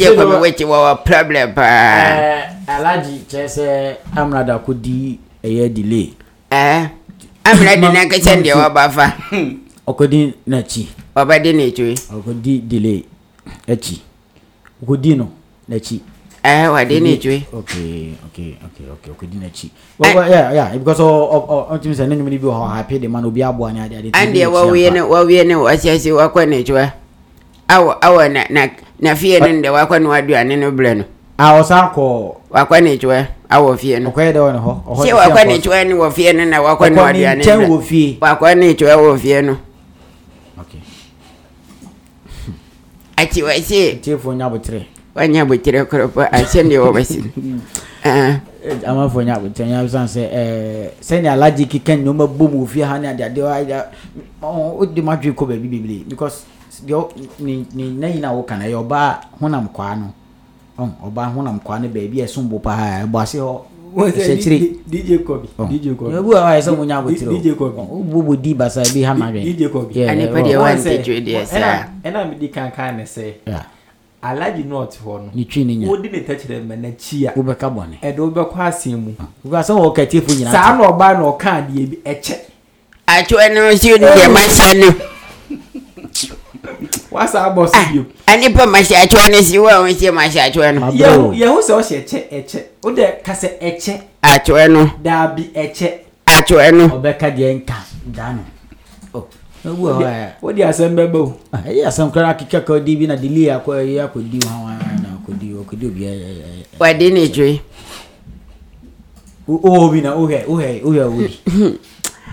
gye kwa mi wɔwɔ problem paa. ɛɛ eh, alaji kyerɛ sɛ amrada ko di ɛyɛ delay. ɛɛ eh, amrada na nkɛsɛ deɛ waba fa. ɔkɔdi n'akyi. ɔbɛdi n'akyi. ɔkɔdi delay akyi e ɔkɔdi no n'akyi. ɛɛ eh, wadi n'akyi. okay okay okay okay ɔkɔdi n'akyi. wɔwɔ yɛ yɛ because ɔ ɔ ɔntumi sɛ ne nnum ni bi wɔ hɔ happy de ma na obi aboa ne ade ade. andeɛ wɔwie ne wɔwie ne wɔsiasi wɔkɔ n'akyi wa awɔ awɔ na na na fie no ne deɛ wakɔ ne waduane no berɛ no a ɔsan kɔ wakɔ ne kyewɛ awɔ fie no ɔkɔyɛ sɛ wakɔ ne kyewɛ ne wɔ fie no na wakɔ ne waduane no wɔ fie wakɔ ne kyewɛ wɔ fie no akyi wɔ se tiefoɔ nya botere wanya botere korɔpɔ ahyɛ deɛ wɔbɛsi amafo nya botere nya bisan sɛ ɛɛ sɛnea alagye keka nneɛma bom wɔ ha ne adeadeɛ wɔ ayɛ wodi ma dwe kɔ baabi bebree because ne nayi na wo kana yɛ ɔbaa honam kwaa no ɔbaa honam kwaa no baabi a ɛsom bo paa ɛbɔ ase hɔ sɛkyire dj kobi dj kobi ebi wa ayɛ sɛ mo nya abotire dj kobi o bo bo di basa bi hama bɛ dj kobi ɛnipɛ deɛ wa nse dwe deɛ sɛ ɛna mi di kankan ne sɛ alaji north hɔ no ne twi ne nya wodi ne tɛkyerɛ mɛ n'akyi a wobɛka bɔne ɛde wobɛkɔ asɛm mu ah. wobɛka sɛ wɔwɔ kɛtiefo nyinaa saa na ɔbaa na ɔka adeɛ bi ɛkyɛ atwo ɛno nso ne deɛ eh. mahyɛ no wasa abɔ so bio. a nipa mahyɛ akyɛw ne si wo a wɔn si mahyɛ akyɛw no. yɛho oh, yɛho sɛ ɔhyɛ ɛkyɛ ɛkyɛ o de kasɛ ɛkyɛ. akyɛw no. daabi ɛkyɛ. akyɛw no. ɔbɛka deɛ nka dano. Eh? o ewu hɔ ɛ. o de asɛm bɛ bɔ o. ɛyɛ ah, asɛm kora akeka ka ɔdi bi na deli akɔ ɛyɛ akɔ di wɔn na akɔ di wɔn akɔ di obi ɛyɛ. wadi ne dwe. o o bi na o hɛ o hɛ o hɛ o di.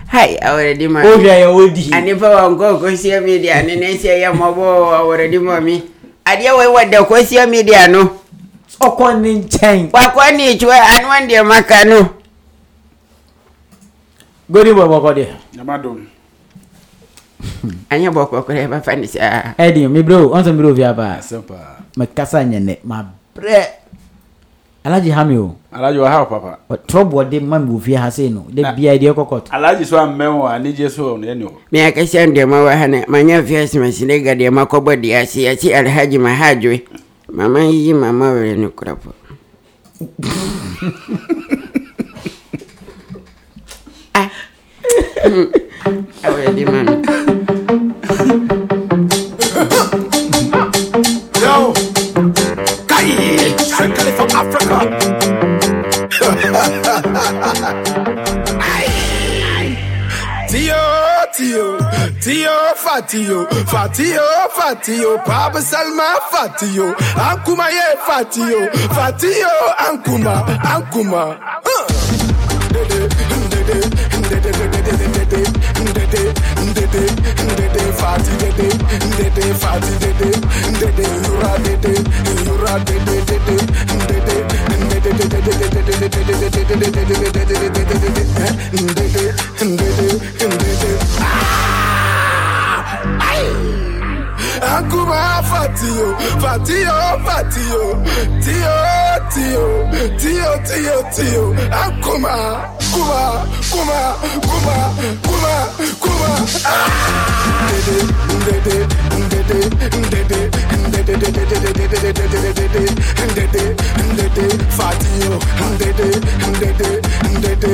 Hi, already my old I old and if I go go see media and then say I'm already mommy. Adia we what the question media no. Ọkọ ni nkyɛn. Wakɔ ni itwe anu andi maka no. Godi bɔ bɔkɔ deɛ. Nyama dom. Anya bɔkɔ kora ɛba fa ni saa. Ɛdi mi bro ɔn sɛ mi bro fi aba. Mɛ kasa nyɛ nɛ ma brɛ alaji hami o. alaji wa ha papa. tɔrɔbɔ de ma mi wo fie ha sei no de bia de kɔkɔ to. alaji so amɛn wa ni je so ne ni o. mi a kasa ndɛma wa ha na ma nya fia simasi ne ga deɛ ma kɔbɔ de ase yasi alhaji ma ha adwe mama yiyi mama wɛrɛ ne kura pɔ. a awɛrɛ de ma no. Africa. Tio, Tio, Tio, Fatio, Fatio, Fatio, Papa Salma, Fatio, Ankuma, ye, Fatio, Fatio, Ankuma, Ankuma. Fatio, Fatio, Fatio, tí ó bà tí ó tí ó tí ó tí ó tí ó tí ó ah, á kùmà kùmà kùmà kùmà kùmà kùmà. Ndede ndede ndede ndede ndededededededededededede ndede ndede fatio ndede ndede ndede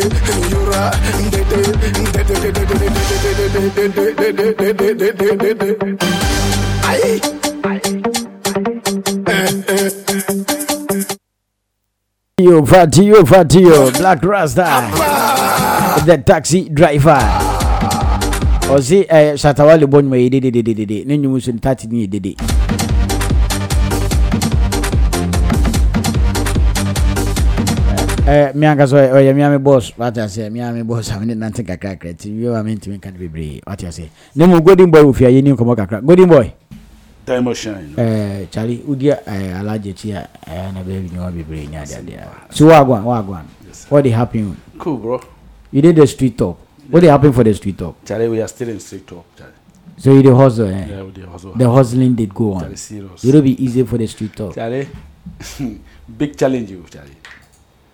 yura ndede ah. ndededededededededededededededede. Ayi. Fatio, Fatio, Fatio, Black Rasta, the taxi driver. Ɔsi ɛ satawale bɔ ɲuman ye dedededede ne ɲuman sun ta ti ni ye dede. Ɛ mi an ka miami boss wati ase miami boss ami ne nante kakra kakra ti wi wa mi ntumi kan bebree wati ase ne golden boy wofi a ye ni nkɔmɔ kakra golden boy time of shine. ɛɛ eh, cari ugi ɛɛ eh, alajɛti a ɛɛ eh, na bɛ ɲɔgɔn bebree ɲa de adeɛ so wa gwan wa gwan what dey happen. cool bro. you dey the street talk what dey happen for the street talk. cari we are still in street talk cari. so you dey hustle eh. yeah we dey hustle. the hustling dey go on. cari serious. e no be easy for the street talk. cari big challenge o cari.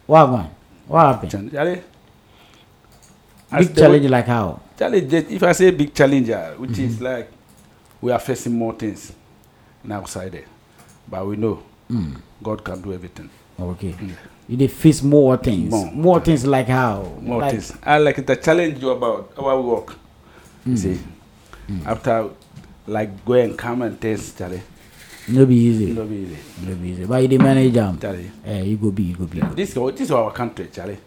wa gwan what happen. cari. big challenge like how. challenge if i say big challenge ah, which mm -hmm. is mm-hmm. like we are facing more things now outside But we know mm. God can do everything. Okay. Mm. You did face more things. More, more things like how? More like, things. I like the challenge you about our work. Mm. See, hmm. after like go and come and test, Charlie. No be easy. No be easy. No be easy. But you manage them. Charlie. Eh, you go be, you go be. This, this is our country, Charlie.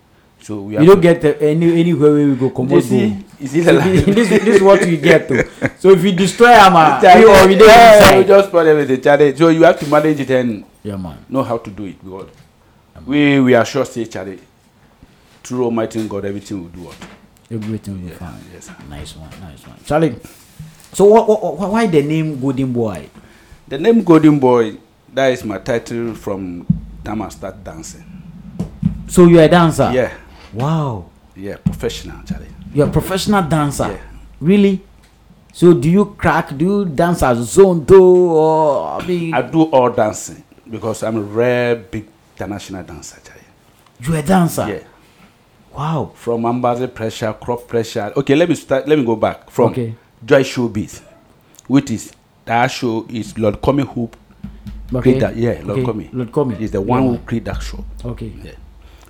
So we. You don't get uh, any anywhere we go. Come on, go is it the lion? this, this is what you get to. So if you destroy him, ah, you already yeah, you just spoil everything. Charlie. So you have to manage it and yeah, know how to do it God, yeah, we we are sure say Charlie, through Almighty God, everything will do what. Everything will yeah, be fine. Yes, nice one, nice one, Charlie. So what, what, why the name Golden Boy? The name Golden Boy. That is my title from time I start dancing. So you're a dancer? Yeah. Wow. Yeah, professional, Charlie. You're a professional dancer. Yeah. Really? So do you crack? Do you dance as zonto or I mean? I do all dancing because I'm a rare big international dancer. You're a dancer. Yeah. Wow. From ambassador pressure, crop pressure. Okay, let me start. Let me go back from okay. Joy Showbiz, which is that show is Lord Comey who okay. That, yeah, Lord okay. Comey. Lord Comey is the one yeah. who created that show. Okay. Yeah.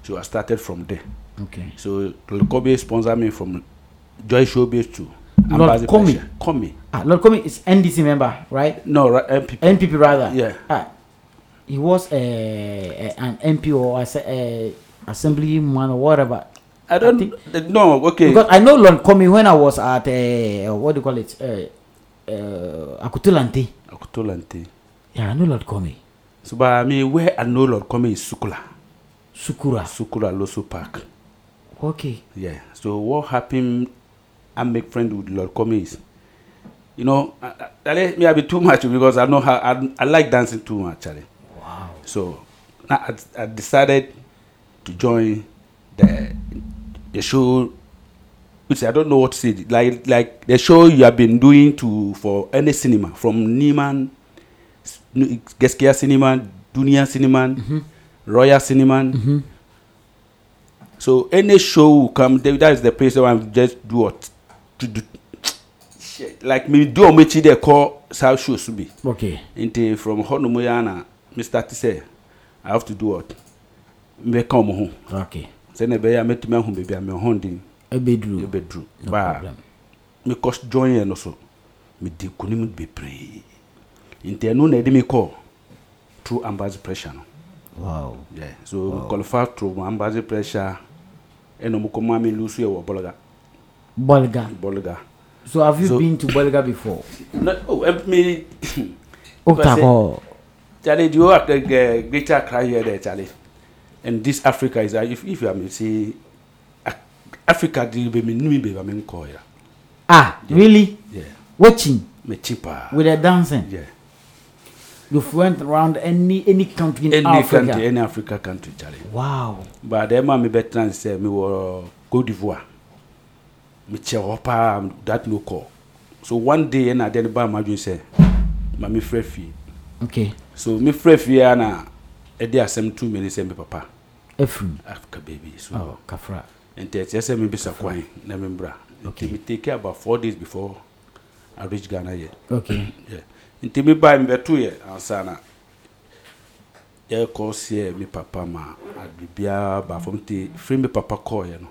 So I started from there. Okay. So Lord Kobe sponsor me from Joy Showbiz to Lord Komi. Komi. Ah, Lord Komi is NDC member, right? No, NPP, NPP rather. Yeah. Ah, he was a eh, eh, an MP or as, a eh, assemblyman or whatever. I don't I think, no okay because I know Lord Komi when I was at uh, what do you call it uh, uh, Akutulante. Akutulante. Yeah, I know Lord Komi. So, but I mean, where I know Lord Komi is Sukula. Sukura. Sukura Loso Park. Okay. Yeah. So what happened? I make friend with Lord Comis. You know, I, I, let me I be too much because I know how I, I like dancing too much, Charlie. Wow. So I, I decided to join the the show which I don't know what to say. Like like the show you have been doing to for any cinema from Neiman, Geskia Cinema, Dunia Cinema, mm-hmm. Royal Cinema, mm-hmm. So any show will come, that is the place where I just do what to do. Like me do omechi they call South Show Subi. Okay. Into from Honomoyana, Mr. Tise, I have to do what? Me come home. Okay. Then Sɛ na ɛbɛyɛ a mɛtumi ahu baabi a mɛ ho den. Ɛbɛduru. Ɛbɛduru. problem. Me cost join yɛn no so mi di kunim bebree nti ɛnu na ɛde mi kɔ through ambassador pressure no. Wow. Yeah. So wow. qualify through ambassador pressure ɛna ɔmo kɔ maame lu so yɛ wɔ bɔlga. bɔlga bɔlga. so have you so, been to bɔlga before. no oh ɛ mi. o ta kɔ. Charlie, the whole uh, greater cry here, there, Charlie. And this Africa is, uh, if, if you are, say, Africa, the baby, new baby, I'm in Korea. Ah, yeah. really? Yeah. Watching? Me cheaper. With a dancing? Yeah you've went around any any country in any africa country, any africa country Charlie. wow but ẹ maa eh, me better than say me wọ cote divoire me kyẹ hɔ um, that no call so one day and adeɛ ne ba ma adwene sɛ ma mi frɛ fie okay so mi frɛ I a eh, na ɛde eh, asɛm tu mi ne me papa efiri africa baby so oh, kafra nti ɛkyɛ sɛ mi bisa kwan na mi bra okay Me take care about four days before i reach ghana yɛ okay yeah nti mi ba mi bɛto yɛ ansana yɛkɔ seɛ mi papa ma abibiara baafo nti firi mi papa kɔɔ yɛ no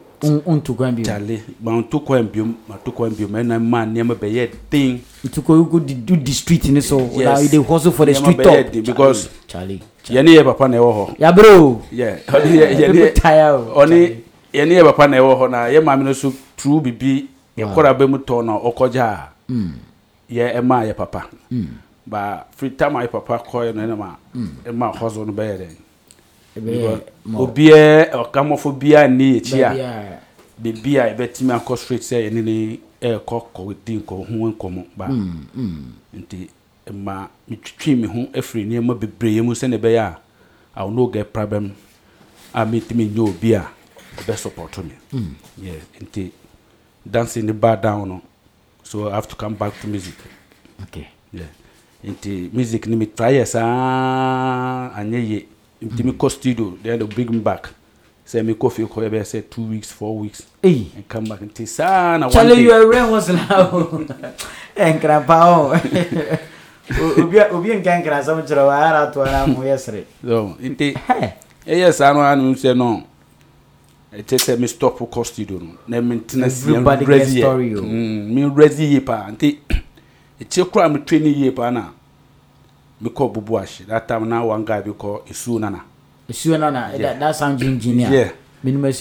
tale ma n tukɔ yen biom ma tukɔ yen biom ɛna ma nɛɛma bɛ yɛ den. ntukɔ yi ko di du di street ni so. yes la you dey hustle for the street top. nɛɛma bɛ yɛ because yanni yɛ papa na ɛwɔ hɔ. yabere o. yɛ ɔni yɛ yanni yɛ ɔni yanni yɛ papa na ɛwɔ hɔ na yɛ maame no so turu bibi yɛ kɔra bɛ mu tɔ na ɔkɔdza. Hmm. yɛ ɛma yɛ papa ba firi tam a yɛ papa kɔɛ no ɛnam a hmm. ɛma hɔ so no bɛyɛ dɛn obiɛ ɔkamɔfo biara nni akyi a beebi a yɛbɛtumi akɔ straight sɛ yɛne ne ɛrekɔ kɔdi nkɔ ho nkɔmɔ ba hmm, hmm. nti ma metwitwi me ho afiri nneɛma bebree mu sɛne ɛbɛyɛ a I will not get problem. I meet me new a the best opportunity. Mm. Yeah, and dancing the bar down. so i have to come back to music okay yeah nti music ni mi try yɛ saa anyɛ yie nti mi kɔ studio then they bring me back sɛ mi kɔ fie kɔ yɛ bɛ sɛ two weeks four weeks Hey. and come back nti saa na one day. chale you are real hustler o nkranpa o obi obi nka nkran sɛm kyerɛ o a to ato ara mu yɛ sere. so nti ɛyɛ eh, saa no a sɛ no. ɛte sɛ me stop kɔ studio no na mentena simerɛdi yie paa nti ɛkyɛ koraa metwe ne yie paa na mekɔ bubu ahye that time na wanga guy bi kɔ ɛsuo nana ɛsuo nana eh, yeah. that, that sound engineer mm,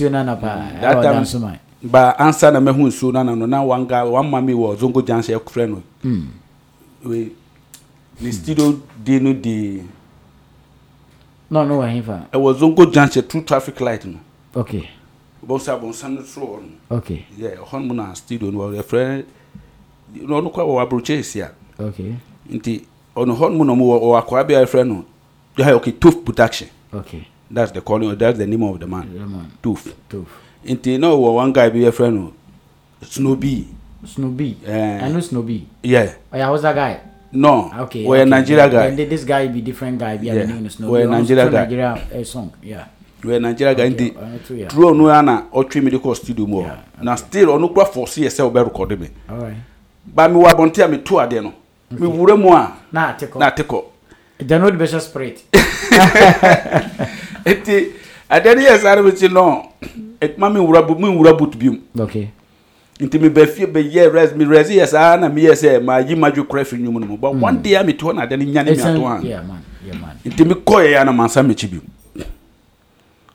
time soma ba ansa na mɛhu nsuo nana no na wanga guy one mami wɔ zongo junction hmm. ɛkufrɛ no mm. we ne studio di no di na no wɔ hefa ɛwɔ zongo junction tru traffic light no okay bonsa bonsa no soro hɔ no okay yeah hɔ no na studio no wɔyɛ frɛ na ɔno kɔ wɔ aburukye esi a okay nti ɔno hɔ no na ɔmo wɔ akɔra bi a yɛfrɛ no yɛ okay tof production okay that's the calling that's the name of the man the man tof tof nti na ɔwɔ one guy bi yɛfrɛ no snowbee snowbee ɛɛ uh, i know snowbee yeah ɔyɛ oh, hausa guy no okay, okay. we're okay. nigeria guy then this guy be different guy be yeah. i mean snowbee we're nigeria guy nigeria uh, song yeah wɛ nigeria guy nti turu ɔnu yɛ na ɔtwi mi de kɔ studio mu na still ɔnu kura fɔsi yɛ sɛ ɔbɛ rekɔdi mi ba mi wa abɔnten a mi tu adeɛ no mi wura mu a na ate kɔ dan de bɛ spirit eti adeɛ ni yɛ sáré mi ti nɔ ekuma mi wura mi wura boot bi mu nti mi bɛ fie bɛ yɛ rɛs mi rɛs yɛ saa na mi yɛ sɛ eh, maa yi ma ju kura fi nyumu but hmm. one day a mi tu hɔ na adeɛ ni nya ni mi ato ha nti mi kɔ yɛ ya na maa sa mi ti bi mu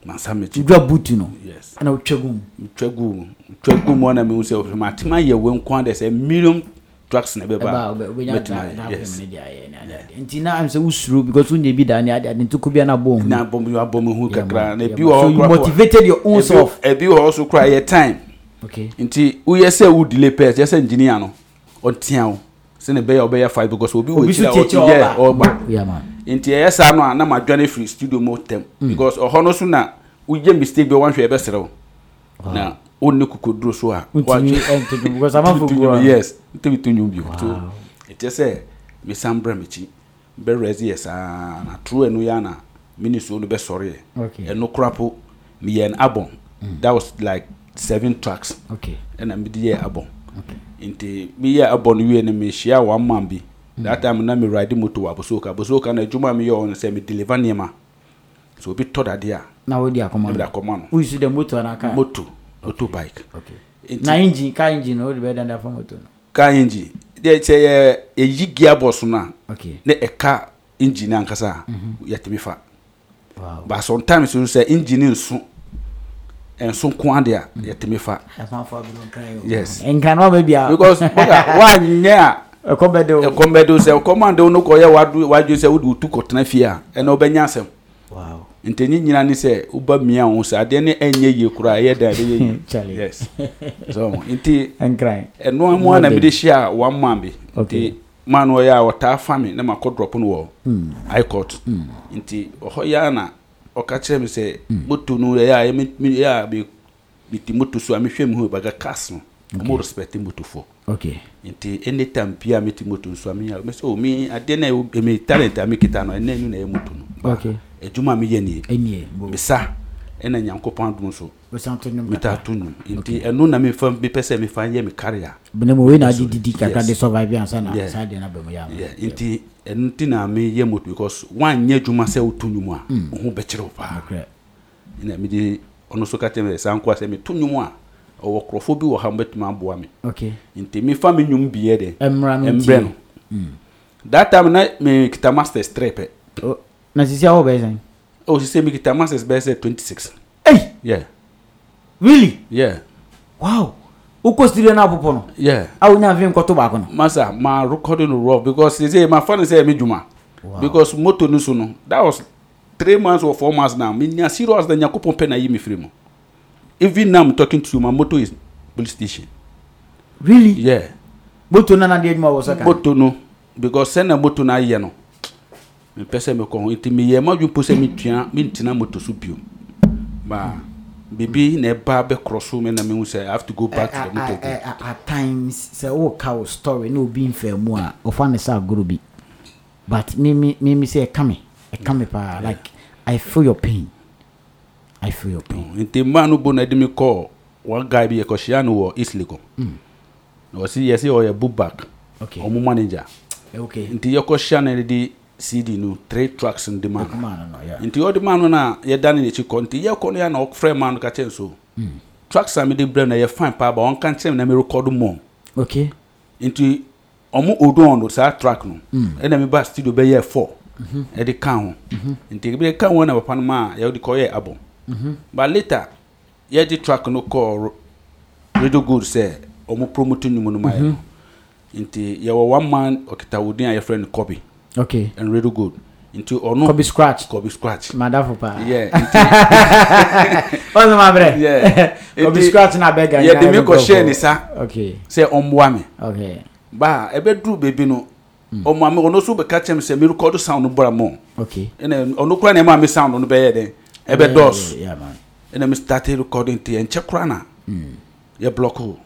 masamiti dwa buti no yes na otwagu mu otwagu mu otwagu mu na mehu sɛ ofim atima yɛ wɔ nko de sɛ million drugs na bɛba bɛtena yes nti na am sɛ wosuro because wonyɛ bi da ne ade ade nti ko bia na bɔ mu na bɔ mu abɔ mu hu kakra na ebi wɔ hɔ so you motivated your own self ebi wɔ hɔ so kora yɛ time okay nti woyɛ sɛ wo delay pɛs yɛ sɛ engineer no ɔntea wo sɛ ne bɛyɛ ɔbɛyɛ five because obi wɔ akyira nti ɛyɛ saa no a na ma dwane firi studio mu tɛm mm. because ɔhɔ no so na woyɛ mistake bi wɔnhwɛ ɛbɛserew na wonne kokoduro so a yes ntɛmi to nwum bio so ɛkyɛ sɛ mesan brɛ mekyi bɛwerɛse yɛ saa na toro ɛno yɛ ana mene suo no bɛsɔreɛ ɛno kora po meyɛ no abɔn mm. that was like seven tracks ɛna mede yɛ abɔn nti meyɛ abɔn no wie no mehyia one man bi that time na mi ride moto wɔ abosoka abosoka na adwuma mi yɛ ɔno sɛ mi deliver nneɛma so obi tɔ dadeɛ a. na o di akɔma no o di akɔma no. si dɛ moto ana moto moto bike. na engine car engine o de bɛ dandan fɔ moto no. car engine deɛ kyɛ yɛ eyi gear box na. okay ne ɛka engine ankasa mhm. yɛtumi fa. wow but sometimes o sɛ engine nso nso nko ade a mhm. yɛtumi fa. yes nkan naa bɛ bi a. because wanyɛ a ɛkɔm bɛ de o ɛkɔm bɛ de o sɛ ɛkɔm ande o no kɔ yɛ wadu wadu sɛ o de o tu kɔtena fie a ɛna ɔbɛ nya asɛm nti ne nyina ne sɛ woba mia wo sɛ adeɛ ne ɛnyɛ yie koraa ɛyɛ da ɛbɛyɛ yie yes so nti ɛno mu a na mede hyia a wamma bi nti ma no ɔyɛ a ɔtaa fa me na makɔ drɔp no wɔ hmm. icot hmm. nti ɔhɔ yɛ a na ɔka kyerɛ me sɛ hmm. moto no ɛyɛ a ɛyɛ a meti moto so a mehwɛ mu hɔ baga cas no ɔmo respecte motofoɔ okay nti ene tampi a meti moto nso ami a mese o mi emi talent ami kita no ene nu na e moto no okay ejuma mi ye ni enie mesa ena nyankopon adun so mita to nu nti enu na mi fa bi pese mi fa ye mi career bene mo we na di di kaka de survive ansa na sa de na be mo ya nti enu ti na mi ye moto because wan nye juma se o to nu mu a hmm. ho be kire o pa na mi di ono so ka teme sa nko asemi to nu mu a ɔwɔ kurɔfo bi wɔ ha mbɛtumi aboa mi nti mi mi nyum biɛ de mbrɛ no mm. that time na mi kita masters three pɛ. na sisi awo bɛyɛ sɛn. o sisi mi kita masters bɛyɛ sɛ twenty six. ɛy yeah. really. yeah. wow wokɔ studio no apopɔ no yeah. a wonya afei nkɔto baako no masa ma recording no raw because sɛ mafa no sɛ me dwuma wow. because moto ni so that was three months or four months now menya serious na nyankopɔn pɛ na yi mi firi mu even now i'm talking to you my motor is police station. really yeah. moto nana di edwuma wosa kan. moto no because sɛ na moto na ayɛ no mepɛ sɛ mekɔ ho nti meyɛ madwo mpo sɛ metua mentena moto so biom baa biribi na ɛba bɛkorɔ so me na mehu sɛ i have to go back to the moto eh, eh, again. Eh, at times sɛ woka wo story no na obi mfa mu a ɔfa ne sɛ agoro bi but mimi mimi sɛ ɛka me ɛka me e e paa like i feel your pain. I feel your pain. Nti mmaa no bo na ɛde mi kɔ one guy bi ɛkɔhyia no wɔ East Lagos. Hmm. Na ɔsi yɛ ɔyɛ bookback. Okay. Ɔmo manager. Eh, okay. Nti yɛkɔhyia no de CD no three tracks n de ma Nti ɔde ma no na yɛda no n'akyi kɔ nti yɛkɔ no yɛ na ɔfrɛ ma no ka kyɛn hmm. Tracks a mi de brɛ na yɛ fine paaba ɔnka kyɛn mi na mi rekɔdo mɔ. Okay. Nti ɔmo odon no saa track no. Ɛna mi ba studio bɛyɛ four. Mhm. Ɛde ka ho. Mhm. Nti ebi de ka ho na papa no ma a yɛde kɔ yɛ abɔ. but later yɛde track no kɔɔ radio good sɛ ɔmo promote nnwuma no mhm. mayɛ nti yɛwɔ one man ɔkita wodin a yɛfrɛ no kɔbi okay and radio good nti ɔno kɔbi scratch kɔbi scratch madafo paa yeah ha ɔno ma brɛ yeah kɔbi scratch na ha ha ha mi kɔ ha ha sa okay sɛ ɔmboa mi okay ha ha beebi no ɔmo ame ɔno nso ha kyɛn mi sɛ mi ha sound bɔra ha okay ɛnna ɔno kura na ɛmo ame sound no bɛyɛ dɛ. ɛbɛ dɔɔso ɛna mi start recording ti yɛ nkyɛ kura na yɛ block o.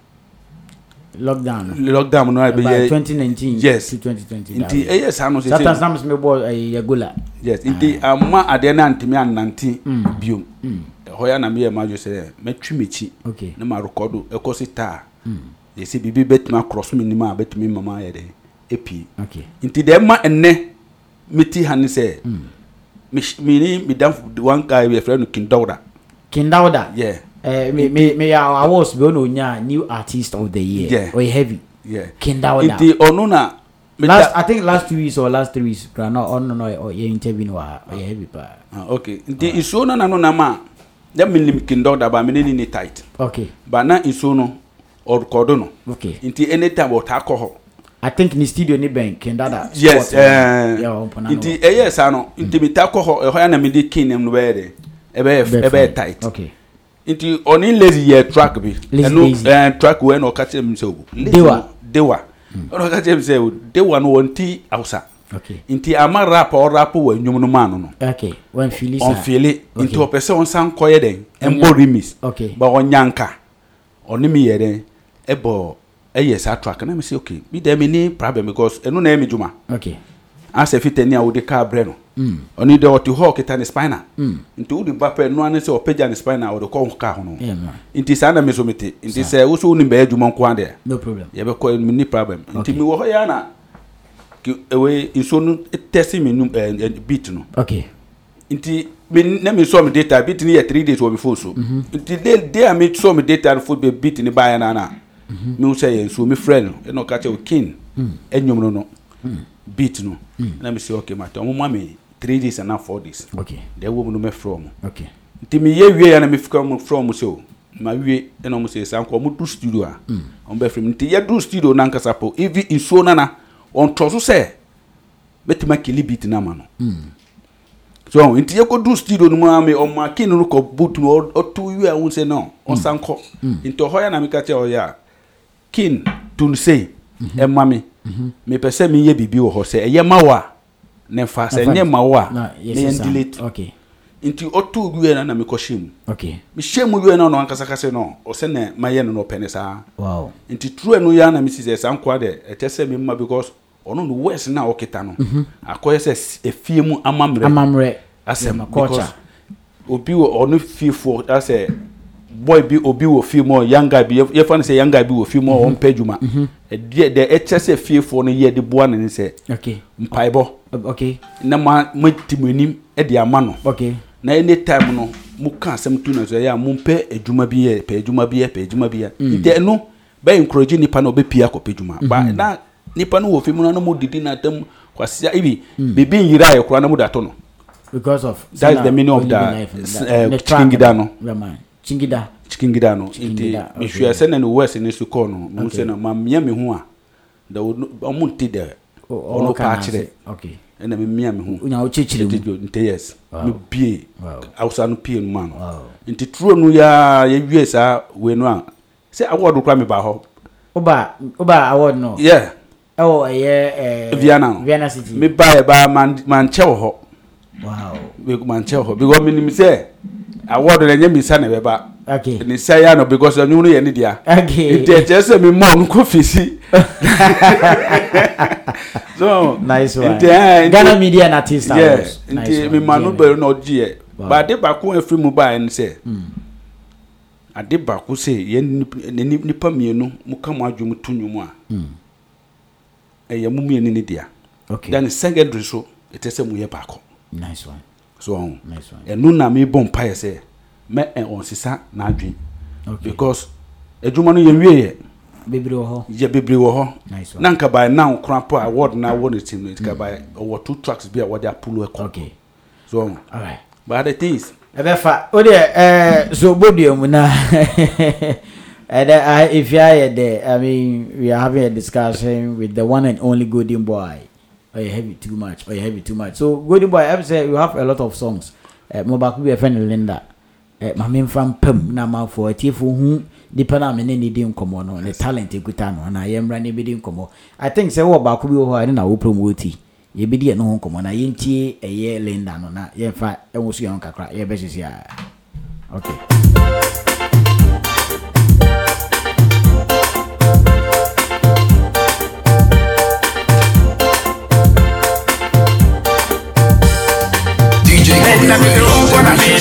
lockdown lockdown no ɛbɛ yɛ 2019 yes to 2020 nti ɛyɛ saa no sɛ satan sams mi bɔ ɛyɛ yagola yes nti ah. ama adeɛ no antimi annante hmm. biom ɛhɔ hmm. eh, yɛ na meyɛ ma adwo sɛ mɛtwi m'akyi na ma rekɔdo hmm. ɛkɔ se taa yɛ sɛ biribi bɛtumi akorɔso me nim a bɛtumi mama yɛ dɛ epi. nti deɛ ɛma ɛnnɛ mete ha ne sɛ mm mi ni mi dan one guy we friend King Dauda King Dauda yeah eh me me me awards bi ono nya new artist of the year yeah. or heavy yeah King Dauda nti ono na last i think last two weeks or last three weeks kra na no o oh, ye interview no wa ah, o ye heavy pa ah, okay nti isuo na no na ma ya mi ni King ba mi ni ni tight okay ba na isuo no or kodo no okay nti anytime o ta ko i think ni studio ni bɛn kendada. yes eh, uh, nti ɛyɛ saa no nti mm. mi ta kɔ hɔ ɛhɔ yɛ na mi di kin nɛm no bɛyɛ dɛ ɛbɛyɛ ɛbɛyɛ tight nti ɔni lazy yɛ track bi ɛnu ɛn eh, track wɛ na ɔka kyerɛ mi sɛ o dewa dewa mm. ɔna ɔka kyerɛ mi sɛ o dewa no wɔn ti awusa nti ama rap ɔ rap wɔ enyim no maa no no ɔnfili nti ɔpɛ sɛ ɔnsan kɔyɛ dɛ ɛnbɔ remix ba ɔnyanka ɔne mi yɛ dɛ ɛbɔ ɛyɛ saa track na mi sɛ okay mi dɛ mi ni problem because ɛnu eh, na yɛ mi dwuma okay asɛ fita eh, ni a wɔde kaa brɛ no ɔni dɛ ɔte hɔ ɔkita ne spina nti o de ba pɛ nua ne sɛ ɔpɛgya ne spina a ɔde kɔ kaa ho no nti saa na mi so mi te nti sɛ eh, woso wo ni bɛyɛ dwuma nko adeɛ yɛ bɛ kɔ mi ni problem nti mi wɔ hɔ yɛ ana ewe nsuo no tɛsi mi nu ɛɛ beat no nti mi ne mi sɔ mi data beat ni yɛ three days wɔ mi fo so nti de de a mi sɔ mi data fo beat ni ba yɛ nana mehu sɛ yɛ nsuo mefrɛ no ɛna ɔka kyɛ wo kin ɛnwom no no beat no ɛna mesɛ ok matɔ moma me three days ana four days deɛ wɔ mu no mɛfrɛ mu nti meyɛ wie ana mefrɛ mu sɛ o ma wie ɛna ɔmo sɛ saa nkɔ ɔmo du studio a ɔmo bɛfrɛ mu nti yɛdu studio na nankasa po evi nsuo nana ɔntɔ so sɛ mɛtuma kili beat na ama no so nti yɛ kɔdu studio no mu ame ɔmo akin no kɔ boot no ɔto wie a ɔmo sɛ no ɔsan kɔ nti ɔhɔ yɛ na meka kyɛ ɔyɛ a kin tun sei ɛma me mepɛ sɛ meyɛ biribi wɔ hɔ sɛ ɛyɛ ma wo a ne fa sɛ ɛnyɛ ma wo a na yɛndelate nti ɔtoo wiɛ no na mekɔhyɛ mu mehyɛ mu wiɛ no na ɔankasakase no ɔsɛ ne mayɛ no no ɔpɛ ne saa nti turo no yɛ na mesi sɛ saa nkoa deɛ ɛkyɛ sɛ mema because ɔno no wes no a ɔketa no akɔyɛ sɛ ɛfie mu amammerɛ asɛm obi ɔno fiefoɔ asɛ boy bi obi wɔ fie mu young guy bi yɛfa no sɛ young guy bi wɔ fie mu a mhm. ɔmpɛ adwuma mhm. deɛ deɛ ɛkyɛ sɛ fiefoɔ no yɛ de boa ne ne mpaebɔ na ma mati mo anim de ama no na ɛne time no moka asɛm to no so ɛyɛ a mompɛ adwuma bi yɛ pɛ adwuma bi yɛ pɛ adwuma bi yɛ mm. nti ɛno bɛyɛ nkurɔgye nnipa no ɔbɛpie akɔpɛ adwuma ba mhm. na nipa no wɔ fie mu no na modidi natam kwasia ibi mm. biribi nyira a yɛ koraa na mode atɔ no because of that is the meaning of the eh, chingida no chingida chingida no nti mehwɛ sɛ na ne west ne so kɔɔ no mehu sɛ no mammea me ho a da ɔmo nte dɛ ɔno paa kyerɛ ɛna memea me honti yes mebie awsa no pie no ma no nti turo no yɛa yɛwie saa wei no a sɛ awɔdo kora mebaa hɔ viana no city mebaɛ baa mankyɛ wɔ hɔ mankyɛ wɔ hɔ because menim sɛ award na ɛnyɛ misa na ɛbɛba ne sa yɛ ano because ɔnwom no yɛ ne dea nti ɛkyerɛ sɛ mema ɔno kɔ fisi so nice one nti ɛn ghana media na ti star yeah, wars nti mema no bɛrɛ na ɔgyeɛ ba ade baako afiri mu hmm. baa ɛn sɛ ade baako sɛ yɛ nipa mmienu mu ka mu adwo mu to nnwom a ɛyɛ hmm. e mu mmienu ne dea dan secondary so ɛtɛ e sɛ mu yɛ baako nice one so ɔn um, ɛnu na mi bɔ mpa yɛ sɛ mɛ ɛ ɔnsesa n'adwi because adwuma no yɛ wie yɛ bebree wɔ hɔ yɛ bebree wɔ hɔ na nka by now kora po a award na awɔ ne team no nka by ɔwɔ two tracks bi a wɔde apolo ɛkɔ so ɔn um, but other things. ɛbɛ fa o deɛ ɛɛ so bodua mu na ɛdɛ if you are there i mean we are having a discussion with the one and only golden boy or heavy too much or heavy too much so golden boy i say you have a lot of songs eh, mo baako bi ɛfɛ no linda eh, maame nfa mpam na amanfoɔ atiefo eh, hu nipa na amene ne di nkɔmɔ no ne talent ekuta no na yɛmra ne bi di nkɔmɔ i think sɛ wɔ baako bi wɔ hɔ a ne na wɔ promote yɛbɛdi no ho nkɔmɔ na yɛntie ɛyɛ linda no na yɛmfa ɛwɔ so yɛn ho kakra yɛbɛhyehyɛ a okay.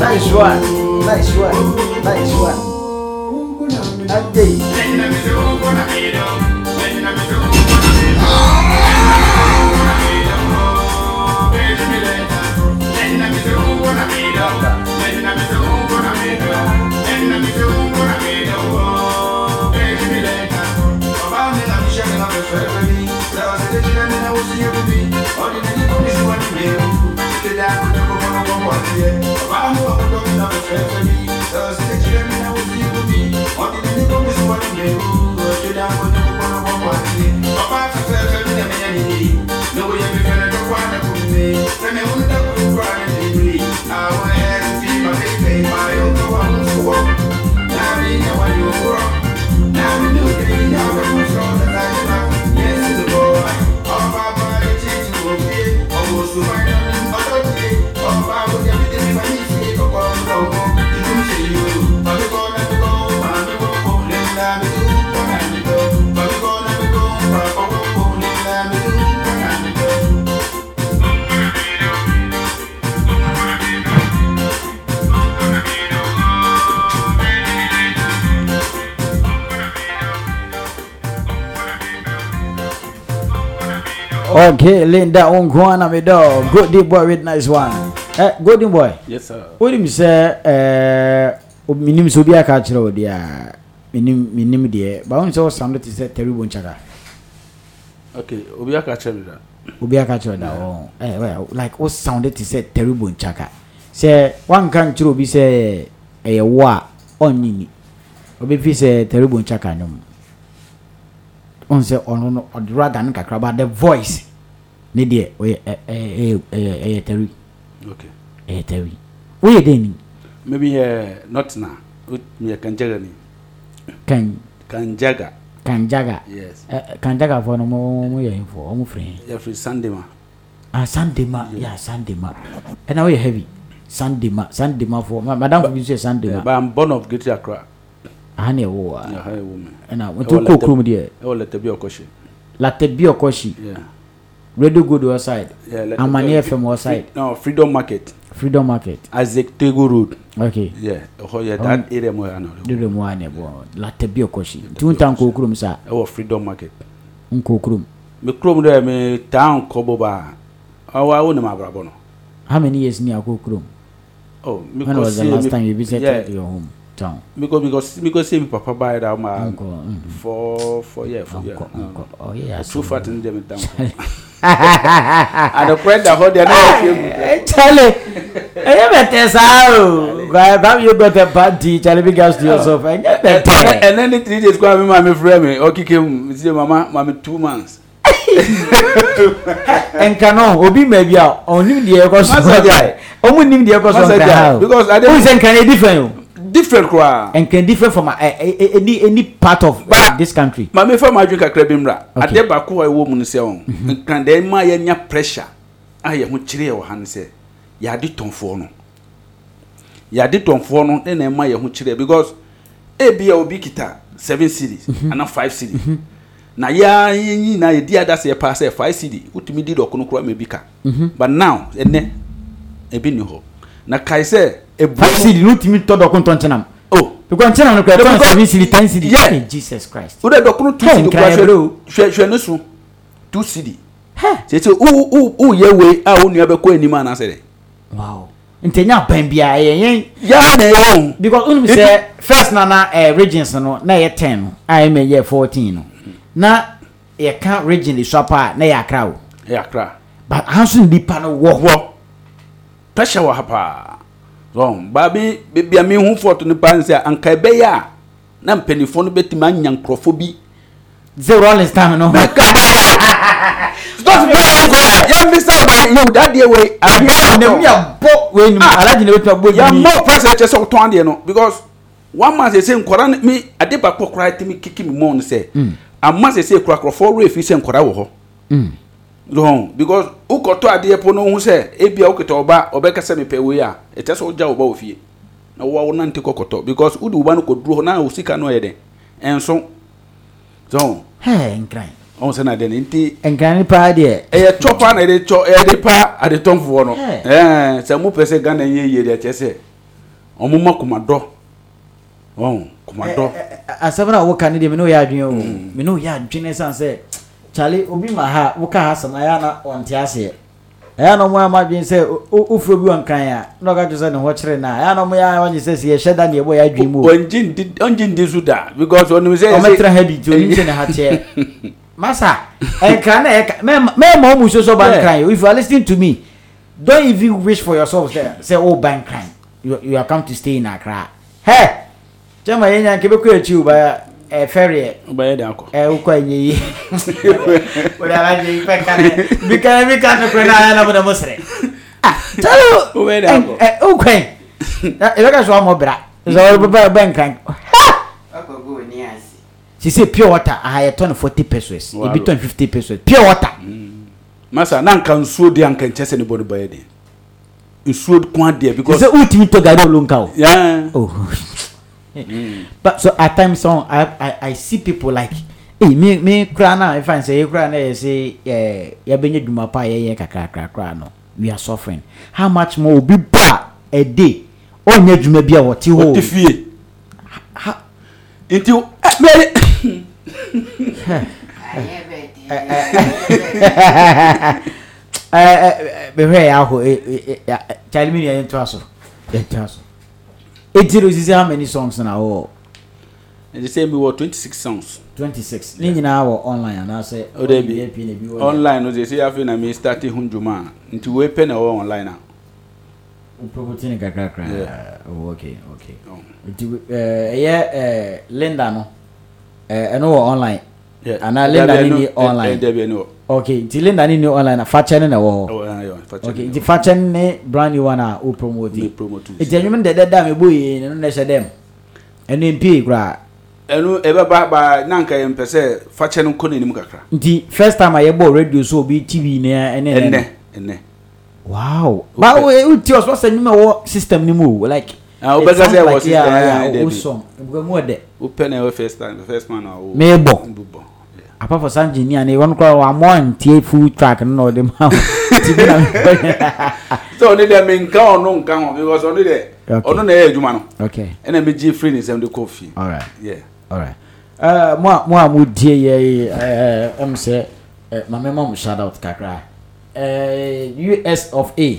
Nice one, nice one, nice one. Update. I Why you up and down, I'm a for me. Thursday, Jeremy, I was here with me. On the Okay, that Linda Ongwana Mido. Good boy with nice one. Eh, Golden boy. Yes sir. What do you say eh minim so bia ka kyerɛ wo deɛ minim minim deɛ ba wo sɛ wosamde te sɛ tari bo nkyaka okay obi aka kyerɛ me da obi aka kyerɛ da ɔ eh well like wo sounded is sɛ tari bo nkyaka sɛ wanka nkyerɛ obi sɛ ɛyɛ wo a ɔnyini obi fi sɛ tari bo nkyaka nwom wọn sɛ ɔno no ɔde raga kakraba the voice ne deɛ ɔyɛ ɛyɛ ɛyɛ ɛyɛ tari ɛyɛ tari woyɛ dɛ ni. maybe yɛ nɔtena o tun yɛ kanjaga ni. kan kanjaga. kanjaga yes kanjaga fɔ no mo mo yɛ yin fɔ ɔmo firi yin. Ah, yɛ firi sandema. ah sandema yà sandema ɛnna o yɛ heavy sandema sandema fɔ madam fɔ mi sɛ sandema. ban born of greater accra aha na ɛwɔ wa ɛna nti wokɔ kurom deɛ latabi ɔkɔhye radio gold wɔ side amane fm wɔ side no freedom market freedom market isaac tego road okay yeah ɛhɔ yɛ that area mu yɛ ana ɛwɔ mu ana ɛwɔ latabi ɔkɔhye nti wo nta nkɔ kurom saa ɛwɔ freedom market nkɔ kurom me kurom dɛ me taa nkɔbɔ baa awa wo nam abrabɔ no how many years ni a kurom oh because when was the last time you visited your home tɔn. because because because say mi papa baa yɛrɛ ma fɔ fɔ yɛ fɔ yɛ ɔ su fa ti ni dɛmɛ tan kɔ adekura da hɔ deɛ n'a yɛ fiye mu. cale e yɛ bɛ tɛ saa o ba mi yɛ bɛ tɛ ba di cale bi gas di yɛ sɔfɛ e yɛ bɛ tɛ. ɛnɛ ni three days kura mi maa mi filɛ mi ɔkike mu si mama mami two months nkano obi ma bi a ɔnim deɛ ɛkɔ so ɔmu nim deɛ ɛkɔ so nkana o because ade. o sɛ nkana yɛ o different koraa. and can different from uh, uh, uh, any any part of ba, this country. maame fẹ́ maa dwen kakra bi mra adeɛ baako a ɛwɔ mu no sɛ ɔn mhm. nkan deɛ ɛma yɛ nya pressure a yɛ ho kyerɛ yɛ wɔ ha no sɛ yɛade tɔnfoɔ no yɛade tɔnfoɔ no ɛna ɛma yɛ ho kyerɛ because ebi a obi kita seven series mhm. ana five series mhm. na yɛa yɛn nyinaa yɛdi adaseɛ paa sɛ five series wotumi di dɔkono koraa ma ebi ka but now ɛnɛ ebi ni hɔ na kae sɛ ebuasi nu tumi tɔ dɔkun tɔn kyɛnam o because kyɛnam no kura tɔn seven cd ten cd yɛ jesus christ o de dɔkun two cd kura hwɛ hwɛ hwɛ ne so two cd tete u u u yɛ we a o nua bɛ kɔ anim anase dɛ. wow ntɛnya ban biara yɛ yɛn. yaa na ɛyɛ o. because unu sɛ first nana ɛɛ e, regions no na yɛ ten no a yɛ mɛ yɛ fourteen no na yɛ ka region de sɔ pa na yɛ akra o. yɛ akra. but ahansi nipa no wɔ. wɔ pressure wɔ ha paa so baabi beebi a mihu fɔɔto nipa nsɛ anka ɛbɛyɛ a na mpanimfoɔ no bɛtumi anya nkurɔfoɔ bi. zero all this time no. bɛka stop bɛyɛ nkɔla yɛn bisa wɔ yɛn da deɛ wei. ɛbɛyɛ wɔ nemu yɛ bɔ wei nimu ah, alaji na ebɛtuma bɔ nimu. pressure kyɛ sɛ ɔtɔn adeɛ no because one man sɛ sɛ nkɔla mi ade baako kora tɛmi kiki mi mɔɔ no sɛ. Mm. ama sɛ sɛ kura kurɔfoɔ wura efi sɛ nkɔla wɔ hɔ. Mm don because wokɔtɔ adeɛ po no ho sɛ ebia eh, wokita ɔba ɔbɛkasa mepɛ wei a ɛkyɛ sɛ wogya ɔba wɔ fie na wowa wo nante kɔkɔtɔ because wode woba no eh, kɔduro hɔ oh, eh, na wo sika no ɛyɛ dɛn ɛnso don nkran ɔn sɛ na deɛ no nti nkran ne paa deɛ ɛyɛ tɔ paa na yɛde tɔ ɛyɛde paa adetɔnfoɔ no ɛɛ sɛ mopɛ sɛ ghana yɛ yie deɛ kyɛ sɛ ɔmo ma komadɔ ɔn komadɔ asɛm no a woka ne deɛ kyale obi ma ha woka ha sɛm ɛyɛ na ɔnte aseɛ ɛyɛ na ɔmo ama adwene sɛ ofuro bi wɔ nkan ya na ɔka kyerɛ sɛ ne ho kyerɛ na ɛyɛ na ɔmo yɛ ama adwene sɛ si yɛhyɛ da ne yɛbɔ yɛ adwene mu o ɔngye ndi so da because ɔnim sɛ ɔmo tera ha bi nti onim sɛ ne ha kyɛ masa nkran na ɛka mɛma ɔmo nso so ba nkran yɛ if you are listening to me don't even wish for yourself sɛ sɛ o ba nkran you are come to stay in Accra hɛ kyɛ ma yɛn nyan kebe kɔ akyi o ba ẹ fẹrẹ ẹ ọbẹyẹ dàn kọ ẹ ukọ ah, ẹ yẹyi o de ala yẹyi fẹ kan dẹ bi kan bi kan fẹ kure náà ayé lọbọdọ mo sẹrẹ ah talo ọbẹyẹ dàn kọ ẹ ẹ ẹ bẹ ka sọ ọmọ bira zọlọ bẹ bẹ bẹ nkan sise pure water aha yɛ tɔn forty pesos ebi tɔn fifty pesos pure water. Mm. masa na nka nsuo di anka nkyɛn sɛ ne bɔ ne ba yɛ de nsuo kwan deɛ because. sise uti to gari olu nka o. Oh. Mm. But so at times on I, I, I see people like hey, me me cry now if I say cry now you say yeah yeah benye duma pa yeah yeah kakra kakra kura no we are suffering. How much more will be ba a day? Oh nye duma be a What wati ho. Wati fie. Ha. Inti eh me. Ɛɛ bɛhwɛ yɛ ahɔ ɛ ɛ ɛ kyalimi ni yɛn to aso yɛn to aso eti do sisi how many songs na wɔ. ɛdi sɛ mi wɔ twenty six songs. twenty six ne nyinaa wɔ online anaasɛ. o de bi e online o de sɛ yafe na mi start ho dwuma nti wo pɛ na wɔ online na. promoting kakrakra yeah. oh, okay okay oh. nti ɛyɛ eh, eh, linda no ɛno eh, wɔ online. ana linda ni ni online okay nti linda ne ni online na oh, fakyɛ na ɛwɔ hɔ okay nti fakyɛ ne brand new one a o promote nti ɛnwom no dɛdɛ da a mebɔ yie na ɛhyɛ dɛm ɛno mpie koraa ɛnu ɛbɛba ba nanka yɛn mpɛ sɛ fakyɛ no nkɔ n'anim kakra nti first time a yɛbɔ radio so obi tv ne ɛne ɛnɛ ɛnɛ wow ba o o ti ɔsɔ sɛ ɛnum ɛwɔ system ni mu o like ah o bɛ ka sɛ ɛwɔ system ɛyà ɛdɛ bi o sɔn o bɛ mu ɛdɛ o pɛ na ɛwɔ first time first man na o mɛ bɔ apart from sanji ni ani wọn kora wọn amọ ntie full track nínú ọdẹ mu ahọ ti bi na mi kọ yẹn. sọ ọ ní dẹ mi nka ọ̀nù nka hàn because ọ dẹ ọ̀nù náà yẹ ẹ̀dwuma no ẹ̀nà mi jí free ní sẹ́mi de kọ́ fi. mo a mu die yẹ ẹ ẹ m sẹ ẹ maame ma shout out kakra uh, eh, us of a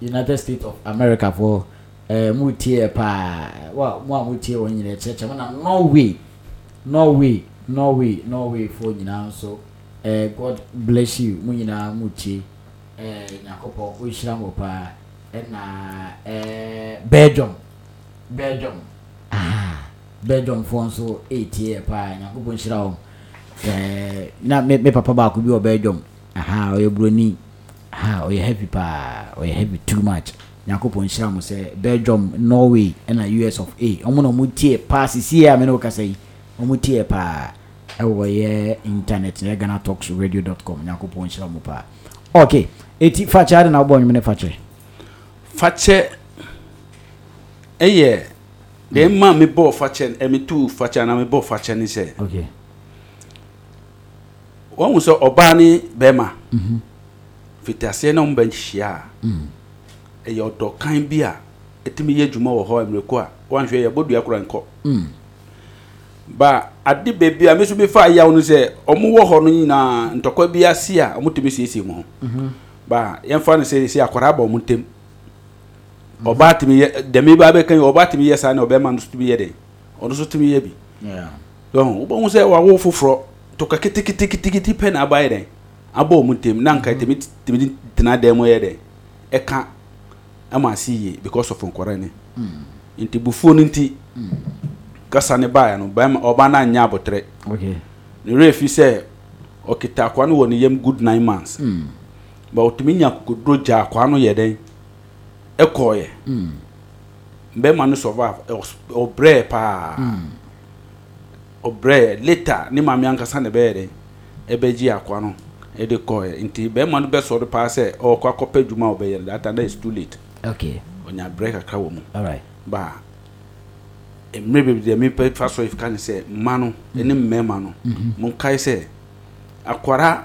united states of america for uh, eh, mo tie paa mo a mo tie wọn nyina kyerɛkyerɛ mo na norway norway norway norway fo nyinaa nso eh, god bless you mu nyinaa mu tie eh, nyankopɔn wɔnhyira mo paa ɛna eh, belgium belgium ah, belgium fo nso ɛretie eh, yɛ paa nyankopɔn nhyira wɔn eh, na me, me papa baako bi wɔ belgium aha ɔyɛ buroni aha ɔyɛ heavy paa ɔyɛ happy too much nyankopɔn nhyira mo sɛ belgium norway ɛna us of a ɔmo na ɔmo tie paa sisi yɛ a me ne wo kasa yi. wɔn tie paa ɛwɔ yɛ internet yɛ ghana talks radio dot com nyankopɔn nhyira paa ok eti fakyɛ adi na wobɔ ɔnwom fakyɛ. fakyɛ ɛyɛ deɛ mma mi bɔ fakyɛ ɛmi tu fakyɛ na mi bɔ fakyɛ ni sɛ wɔn mu sɛ ɔbaa ni bɛrima mhm. fitaseɛ na bɛ nhyia ɛyɛ hmm. ɔdɔkan bi a ɛtumi yɛ wɔ hɔ ɛmɛ a wɔn ahwɛ yɛ bɔ dua ba ade beebi a me nso mefa ayaw no sɛ ɔmo wɔ hɔ no bi ase a ɔmo tumi siesie mu ho mhm. ba yɛmfa no sɛ sɛ akwaraa ba ɔmo ntɛm ɔbaa tumi yɛ dɛm ba bɛka yi ɔbaa tumi yɛ saa na ɔbɛrima no so tumi yɛ dɛn ɔno so tumi yɛ bi dɔn wobɛhu sɛ wawo foforɔ tɔkwa kitikitikiti pɛ na aba yɛ dɛn abụọ ɔmo ntɛm na nka tumi mhm. tumi tena dɛm yɛ dɛn ɛka e ɛma e ase yie because of nkwaraa ne mm. nti bufuo kasa ne baeɛ no bɛrima ɔba no anyɛ abotire ne werɛ fi sɛ ɔkita akoa no wɔ ne yam good nine months hmm. ba ɔtumi nya kokoduro gya akoa no yɛ dɛn ɛkɔɔyɛ hmm. bɛrima no survive ɔbrɛ paa hmm. ɔbrɛɛ later ne maame ankasa ne bɛyɛ dɛn ɛbɛgye akoa no ɛde kɔɔyɛ nti bɛrima no bɛsɔre paa sɛ ɔkɔ akɔpɛ adwuma ɔbɛyɛ no that is too late okay brɛ kakra wɔ mu baa mmerɛ bebree deɛ mepɛ fa so ɛfika ne sɛ mma no mhm. ne mmarima no mhm. monkae sɛ akwara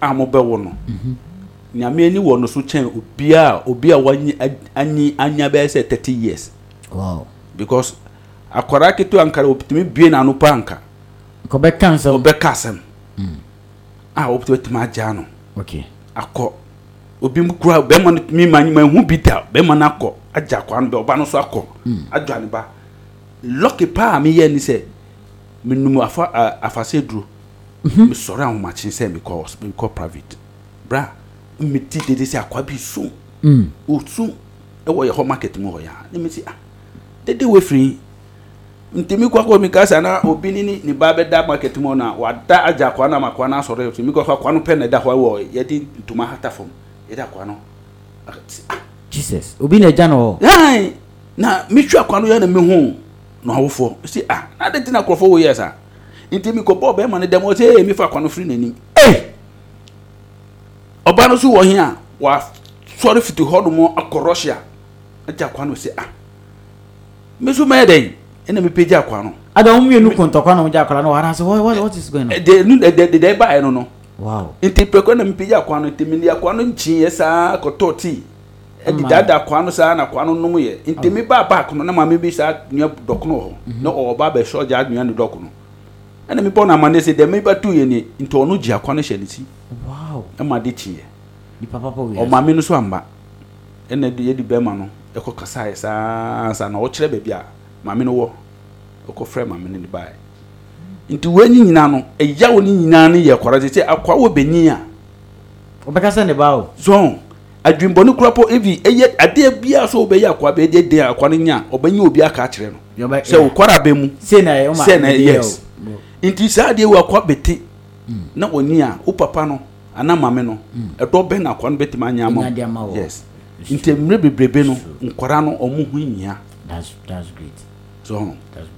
a mobɛwo no mhm. nyame ani wɔ no so kyɛn obiaa obi a wanyi anya bɛyɛ sɛ 30 years wow. because akwara ketewa ankara obitumi bie n'ano pa anka ɔbɛka nsɛm ɔbɛka asɛm mm. a obitumi agya no akɔ obi mu kura bɛrima no tumi ma nyima ehu bi da bɛrima no akɔ agya akwa no bɛ ɔba no so akɔ mm. adwa ne ba lɔki paa mi yɛ ni sɛ mi numu afa afase duro mhm. mi sɔrɔ ahomakyen sɛ mi kɔ mi kɔ private bra mi ti dede sɛ akwa bi sun mm. o sun ɛwɔ yɛ hɔ market mu hɔ ya ne mi si ah dede wo firi ntumi kɔ akɔ mi ka sa na obi ni ni ba bɛ da market mu na wa da agya akwa na ma akwa na sɔrɔ yɛ ntumi kɔ akɔ akwa no pɛ na ɛda hɔ ɛwɔ yɛ de ntoma hata fam yɛ de akwa no ah jesus obi na ɛgya na hɔ. na mi twi akwa no yɛ na mi hu. na si a adi ti na nkurɔfoɔ wɔ yɛ sa nti mi kɔ bɔɔ bɛrima no dɛm ee ɔbaa no a wasɔre fiti hɔnom akɔ rɔsia ɛgye akwa si a mi so mɛyɛ dɛ ɛna mi adamu na ɔgye akwa no ara so what ɛdɛ ɛdɛ ɛbaa yɛ no no. nti pɛkɔ na mi pɛgye nti mi saa tii. ɛde daadaa kwa no saa na kwa no nom yɛ nti mi na maame bi saa nua dɔkono hɔ mhm. na ɔba gya nua ne dɔkono ɛna mi bɔ na ama ne se dɛm ba tu yɛ ni nti ɔno gyi akwa hyɛ ne ti ɛma de kyi yɛ ɔmaame no so amba ɛna yɛ no ɛkɔ kasa yɛ saa saa na ɔkyerɛ baabi a maame no ɔkɔ frɛ maame adwimbɔne kora pɔ evi ɛyɛ adeɛ biara sɛ ɔbɛyɛ akwa bɛyɛ deɛ deɛ akwa no nya ɔbɛnya obi aka akyerɛ no sɛ ɔkɔra abɛ mu sɛ na yes nti saa adeɛ wɔ akwa bɛte hmm. na ɔni a wo papa no ana maame no hmm. ɛdɔ bɛn na akwa no bɛtumi anya ama wo yes nti mmerɛ bebrebe no nkɔra no ɔmo ho nyia so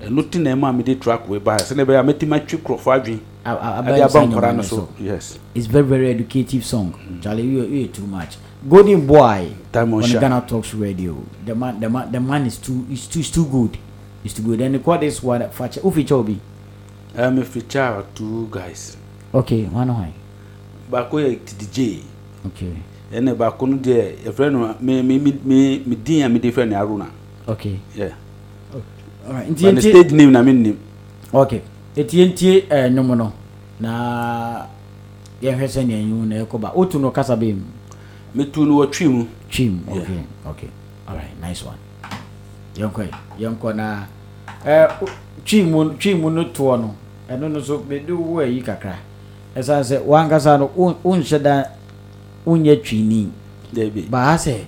ɛno ti na ɛma mi de track wei baa sɛnɛ bɛyɛ a mɛtumi atwi kurɔfo adwi ɛde aba nkɔra no so yes it's very very educative song mm. charlie you you too much. Golden Boy Time on, on Ghana Talks Radio. The man, the man, the man is too, is too, is too good. Is too good. Then the quote is what feature. Who feature be? I'm a feature two guys. Okay, one why? Baako yɛ DJ. Okay. Ɛna baako no deɛ yɛfrɛ no me me me me me din a me de fɛ no Aruna. Okay. Yeah. Okay. Alright. Nti nti. stage name na me nim. Okay. Etie ntie ɛɛ uh, nomu no na yɛhwɛ sɛ nea yi mu na yɛkɔba. Otu no kasa bɛyɛ mu metu no wɔtwi twi mu yeah. okay okay all right nice one yɛnkɔ yɛnkɔ na ɛɛ eh, twi mu twi mu no toɔ no ɛno no so mede wo ayi kakra ɛsiane sɛ wankasa no wonhyɛ da wonyɛ twini baa sɛ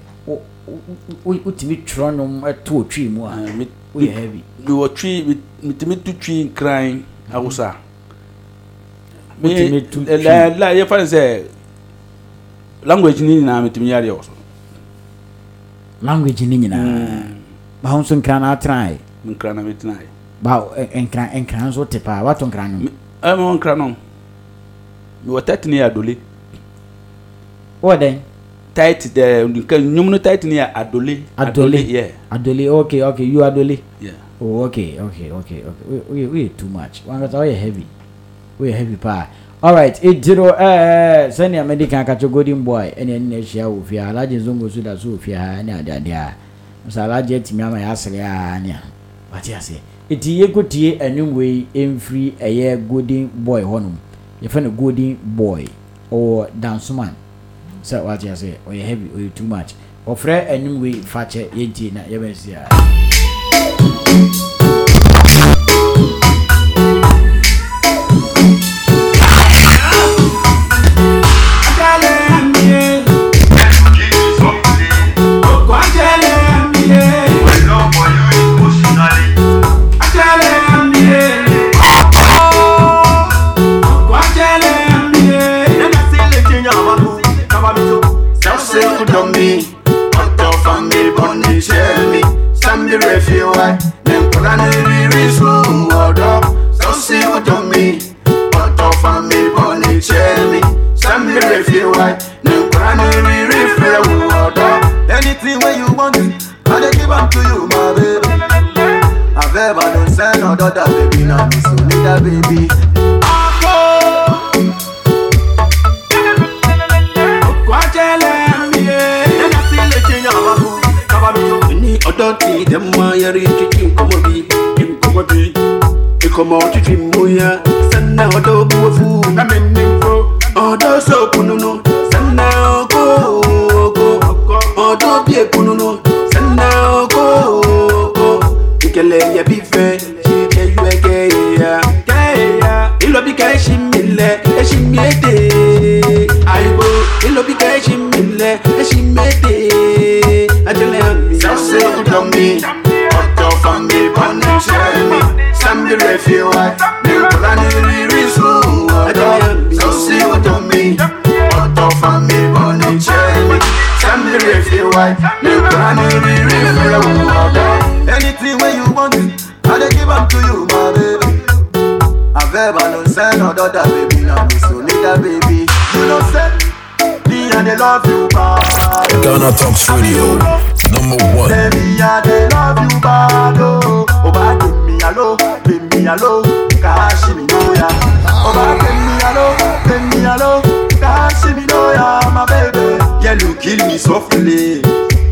wotumi twerɛ nom to ɔtwi mu a woyɛ heavy mewɔ twi metumi tu twi nkran mhm. awosa La, ne sɛ language ni nyinaa metumi yare wɔ so language ni nyinaa hmm. ba ho nso nkra na atenae nkra na metenae ba eh, eh, nkra eh, nkra nso te paa wato nkra nwom ɛma nkra no mewɔ tate ne yɛ adole wɔ dɛn tight dɛ nka nwom no tight ne yɛ adole adole yɛ adole ok ok you adole yeah. oh, ok ok ok ok woyɛ too much wankasa woyɛ heavy woyɛ heavy paa alright eight zero ɛɛ sɛnea mɛ di kan ka to golden boy ɛna ɛni na ahyia wɔ fie ha alagye nzongo so da so wɔ fie ha ɛne ade ade a nsa alagye atumi ama yɛasere ha nea wate ase eti yɛkɔtie ɛnum wei ɛmfiri ɛyɛ golden boy hɔnom yɛfɛ no golden boy ɔwɔ dansoman sɛ wate ase ɔyɛ heavy ɔyɛ too much ɔfrɛ ɛnum wei fakyɛ yɛntie na yɛbɛsi a. me. Cut off and me, bunny share me. send me the refuge, then put on the risk room, up. So see what to me. Cut off and me, bunny share me. send me the refuge, then put on the risk up. Anything where you want it, I they give up to you, my baby. I've ever done send another baby, now so need a baby. kɔmɔ twitwi mmoya sanna ɔdɔ buwafu amenimfo ɔdɔ sɛ okununu sanna ɔkɔ ɔkɔ ɔdɔ bie kununu out ɔkɔ ɔkɔ nkɛlɛ yɛ bi fɛ. Ghana Talks Radio, number one. Baby, I love you bad, oh. Oh, bad, give me a low, give me a low, cash me know ya. Oh, bad, give me a low, give me a low, cash me know ya, my baby. Yeah, you kill me softly.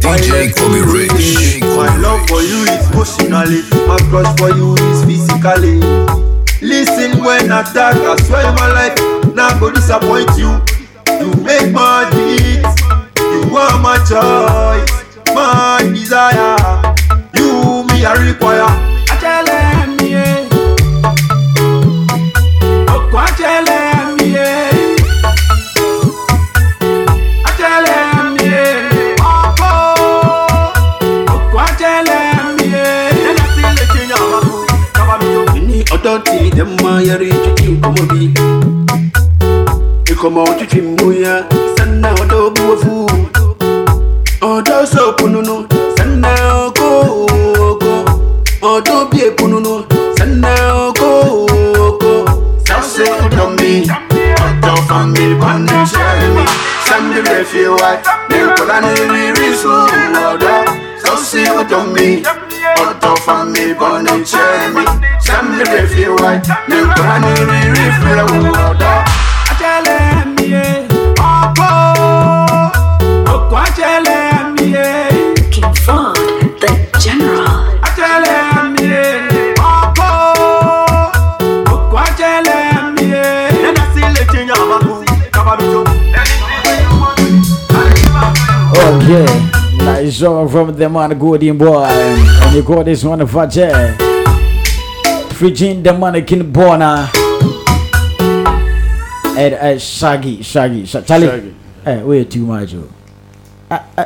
DJ Kobe Rich. My love for you is emotionally, my crush for you is physically. Listen when I talk, I swear my life, not gonna disappoint you. You make my choice, my desire. You me a require. Achele mi e, ọkọ achele mi e. e. e. Ọdọ́tì dẹ̀ mọ́ yẹrí tuntun kọ́mọ́ bí. Ìkọ̀mọ̀ tuntun mú ya, sanni ọdọ́ gbowó fún pununu sanna oko oko ọdún bíi pununu sanna oko oko. sase ọdọ mi ọjọ fún mi bọnu iṣẹ mi sanni rẹ fi wá ní kọlá ní rírí sùn ọdọ sase ọdọ mi ọjọ fún mi bọnu iṣẹ mi sanni rẹ fi wá ní kọlá ní rírí fẹ ọdọ. Yeah, like song from the man Golden Boy. And you call this one for Jay. Frigin the mannequin Bona. And uh, Shaggy, Shaggy, Shaggy. Charlie. Eh, hey, wait too much. Oh.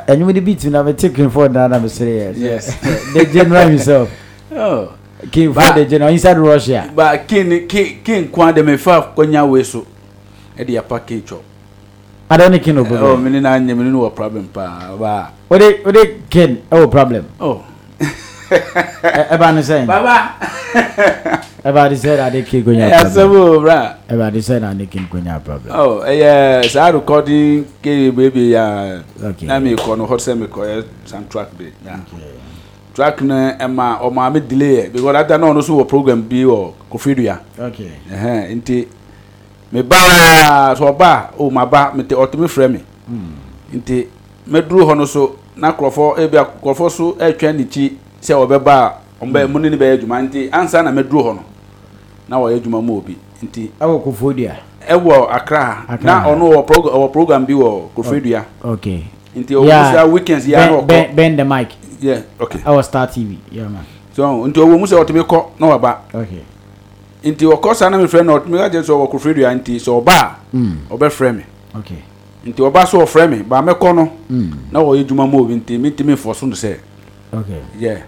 And you the beat, I've taken for that. I'm serious. Yes, the general himself. Oh, King for the general inside Russia. But King King King Kwan de Mefa Konya Weso. Eddie Apakicho ada ne kin no problem oh mini na nyɛ mini no wɔ problem paa ba o de o de kin ɛwɔ e problem oh ɛba ne sɛn baba ɛba e de sɛ na de kin ko nya problem ɛsɛ bo bra ɛba e de sɛ na de kin ko nya problem oh ɛyɛ saa recording ke baby ya okay na mi kɔ no hɔ sɛ mi kɔ yɛ soundtrack de ya track no ɛma ɔmo ame delay yɛ because that time na ɔno so wɔ program bi wɔ kofi dua okay ɛhɛn nti. me baa sɛ ɔba a oh, o ma ba mete ɔtumi fere me hmm. nti mɛduru hɔ no so na kurɔfɔ ebi eh, kurɔfɔ so ɛtwa eh, ne ti sɛ ɔbɛba a ɔmo bɛ mu ne ne bɛyɛ nti ansa na mɛduru hɔ no na wɔyɛ adwuma mu obi nti. ɛwɔ kofo ewu eh, ɛwɔ akra na ɔno wɔ program program bi wɔ kofo dua. okay nti owu sɛ weekends yɛ anɔ kɔ bend the mic. yeah okay ɛwɔ star tv. so nti owu mu sɛ ya kɔ okay. nti ɔkɔ saa na mi frɛ no ɔtumi ka kyerɛ sɛ ɔwɔ kofre dua nti sɛ ɔba a mm. ɔbɛfrɛ me nti ɔba so ɔfrɛ me ba mɛkɔ no mm. na ɔyɛ dwuma mu obi nti mintimi fɔ so no sɛ yɛ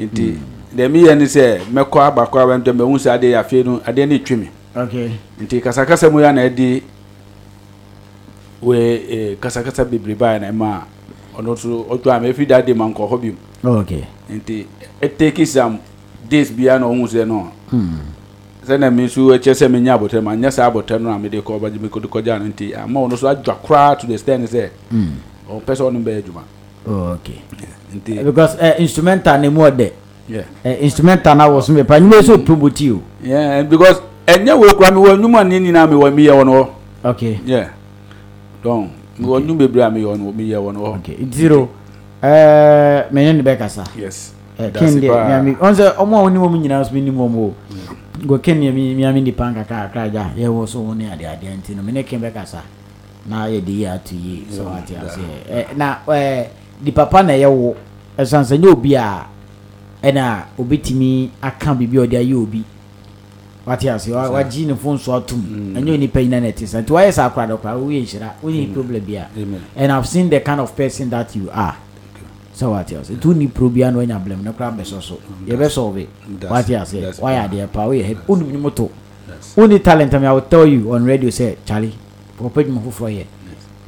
nti mm. deɛ meyɛ ne sɛ mɛkɔ abakɔ abɛntɛ mɛhu sɛ adeɛ yɛ afei no adeɛ ne twi me nti kasakasa mu yɛ ana ɛde we eh, kasakasa bebree baa na ɛma ɔno nso ɔtwa ama efi da de ma nkɔ hɔ bi mu nti ɛtɛki sam days biara na ɔhu sɛ no. Hmm sɛnɛ mi nso ɛkyɛ sɛ mi nya abɔtɛ mu anya saa abɔtɛ no a mi de kɔ ɔba mi kɔ kɔgya no nti ama ɔno so adwa koraa to the stand sɛ hmm. ɔpɛ sɛ ɔno bɛyɛ adwuma. okay nti eh, because ɛ uh, eh, instrumental ne mu ɔdɛ ɛ eh, instrumental na wɔ so mepa ɛnyuma yɛ sɛ promote o. yeah because ɛnyɛ wo kura mi wɔ ɛnyuma ne nyinaa mi wɔ mi yɛ wɔn wɔ. okay yeah Don. mi wɔ ɛnyuma bebree a mi yɛ wɔn mi yɛ wɔn wɔ. okay zero ɛɛ mɛ ne ne bɛ kasa. yes ɛɛ kí n de ɔn sɛ ɔmo a wɔn ni wɔn nyinaa so mi ni wɔn o gɔkɛ mi mi mi ami nipa nkakra akra gya yɛ wɔ so wɔn ne ade adeɛ nti no mi ne kɛn bɛ kasa na yɛ de yi ato yi sɛ wɔn ate ase ɛ eh, na ɛɛ eh, di papa na ɛyɛ wo ɛsansan eh, nye obi a ɛna obi timi aka bibi ɔde ayɛ obi wate ase wagye ne fo nso atum ɛnyɛ mm. onipa yi na na ɛte sa nti wayɛ sa akora dɔkora woyɛ nhyira woyɛ problem bi a and i have seen the kind of person that you are sɛ wate ase nti woni pro biara na wanya blɛm no kora bɛsɔ so yɛbɛsɔve wate ase woayɛ adeɛ paa woyɛ happy wonim ne moto woni talent am i will tell you on radio sɛ chale wɔpɛ dwuma foforɔ yɛ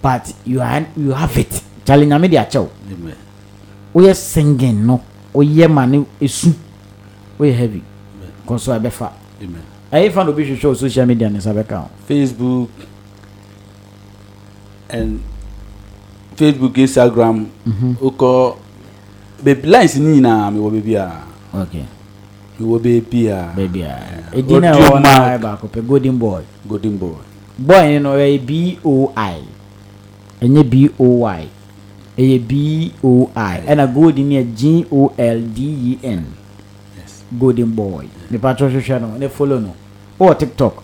but you, are, you have it chale nyame de akyɛw woyɛ singing no woyɛ ma ne ɛsu woyɛ heavy kɔ so ɛbɛfa ɛyɛ fa na obi hwehwɛ wo social media ne sa bɛka ho facebook and facebook instagram wokɔ beebi lines ni nyinaa mewɔ beebi a mewɔ beebi a beebi a edi na ɛwɔ na baako pɛ golden boy golden boy boy no ɛyɛ b o i ɛnyɛ b o y ɛyɛ b o i ɛna golden ni yɛ g o l d e n golden boy nipa tó hwehwɛ no ne follow no oh, ɔwɔ tiktok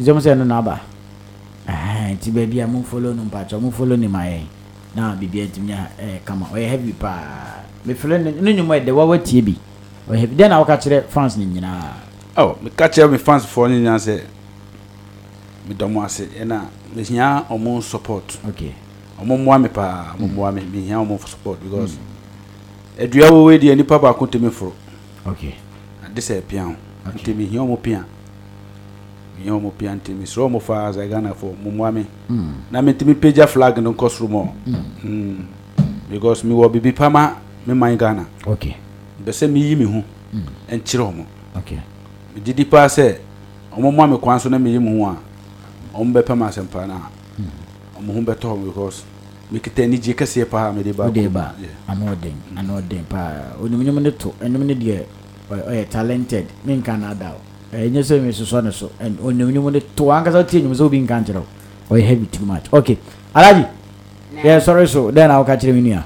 zɛm sɛ ɛno naba? aba ɛhɛn ti beebi a mo follow no mpatsɔ mo follow ne ma yɛn na biribiara ntumi nya ɛyɛ eh, kama ɔyɛ heavy paa mefrɛ no ne nnwom ɛde wawa tie bi ɔyɛ heavy dɛn na woka kyerɛ fans no nyinaa oh meka kyerɛ me fans foɔ no nyinaa sɛ medɔ mo ase ɛna mehia ɔmo support okay ɔmo mmoa me paa ɔmo mmoa me mm. mehia ɔmo support because mm. adua wɔwɔ deɛ nipa baako ntumi foro okay ade sɛ pia ho nti mehia ɔmo pia yɛn wɔn pia ntumi soro wɔn fa sɛ ghana fo mumua mi hmm. na mi ntumi pagya flag no nkɔ soro mu because mi wɔ bibi pama mi man ghana okay. bɛsɛ mi yi mi ho mm. nkyerɛ okay. mi didi paa sɛ wɔn mu ami kwan so na mi yi mi ho a wɔn bɛ pam asɛmpa na wɔn ho bɛtɔ wɔn because mekita anigye kɛseɛ paa mede bawode ba ana ɔden ana ɔden paa onimnyom ne to ɛnom e ne deɛ ɔyɛ e, e talented menka no ada o ɛnyɛ eh, sɛ mesusɔ ne so ɔnwumnwum no to ankasa wotie nnwum sɛ wobi nka nkyerɛ wo ɔyɛ heavy too much okay alagye yɛ so dɛn na woka kyerɛ me nua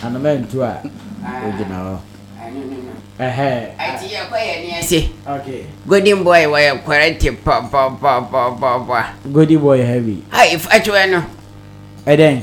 anoma ntu a ɔgyina hɔ ati yɛkɔyɛ ne wɔyɛ kwarante pɔpɔpɔpɔpɔpɔ godin boy heavy ai fakyewɛ no ɛdɛn eh,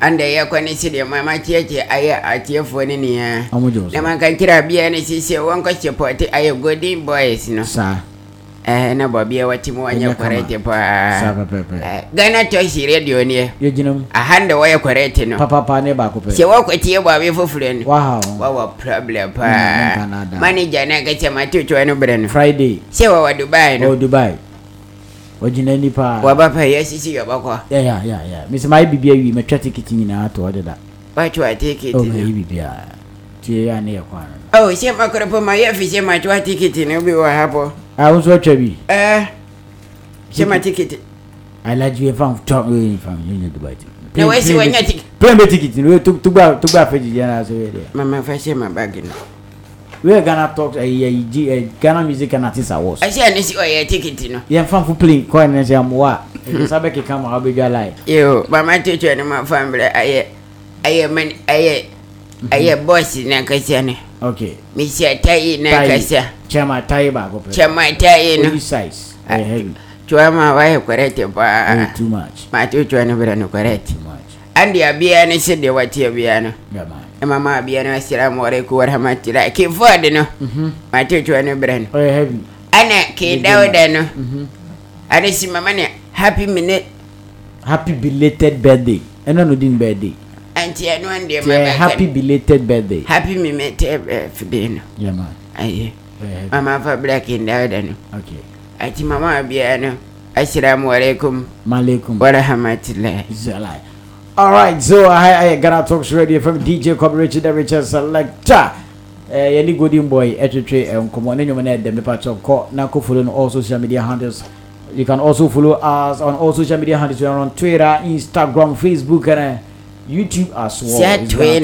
anda ya kwa nisi da mama ce ce aya a ce foni ne ya da man kan kira biya ne si se wan ko ce poti aya godin boys no sa eh na ba biya wati mu anya kwarete pa ah. sa pa pa pa gana to shi radio ne ya jinam a handa waya kwarete no pa pa pa ne ba ko pe se wa ko tie ba be fufure ne wow wa wa problem mm, pa manager na ga ce ma to to ne brand friday se wa wa dubai no oh dubai ɔgyina ni paa waba pɛ yɛ sisi yaba kɔ ya ya ya mesɛ mayɛ biribi awi matwa tikiti nyinaa to ɔde da watwa tikiti oh, no mayɛ biribiaa tie yɛ a ne yɛ kɔ ano o oh, sɛ makɔrɔ pɔ mayɛ fi matwa tikiti no bi wɔ ha a wo nso atwa bi ɛɛ sɛ ma tikiti alaji yɛ fan tɔ ɛɛ dubai ti na wɔsi wɔnyɛ tikiti pɛn bɛ tikiti no tugba tugba afɛ jijɛ na so mama fa sɛ ma baagi we yɛ ghana talk eh, yeah, ji ɛ eh, ghana music and artist awards. ɛsɛ ɛni si ɔyɛ tikiti no. yɛn fan fún plane kɔ ɛnɛ sɛ amu wa ɛsɛ bɛ keka ma abɛ dwa lai. yoo mama ti twɛ ne ma fan bɛrɛ ɛyɛ ɛyɛ mɛni ɛyɛ ɛyɛ bɔsi na kɛseɛ ok misia tayi na kɛseɛ. cɛma tayi baako pɛ. cɛma tayi no. only size ɛyɛ ah, eh, heavy. twɛ ma wa yɛ kɔrɛti paa. too much. maa ti twɛ ne bɛrɛ ne kɔrɛti. too much. andi abiya ne se de Yeah, mama biyana assalamu alaikum warahmatullahi ke fode no mate mhm. cuwa no brano ana ke dawda no ana si mama ne happy minute happy belated birthday ɛna no din birthday anti ɛno an deɛ mama happy belated birthday happy belated birthday no yeah man aye mama fa black in dawda no okay ati mama biyana assalamu alaikum wa alaikum warahmatullahi All right, so I, I Ghana Talks Radio from DJ Kobe Richard the Richard Selector. Eh, yɛne golden boy ɛtwetwe nkɔmmɔ ne nnwoma no ɛdɛ mepa kyɛw kɔ na kɔfollow no all social media handles you can also follow us on all social media handles we are on twitter instagram facebook and uh, youtube as well sɛ twee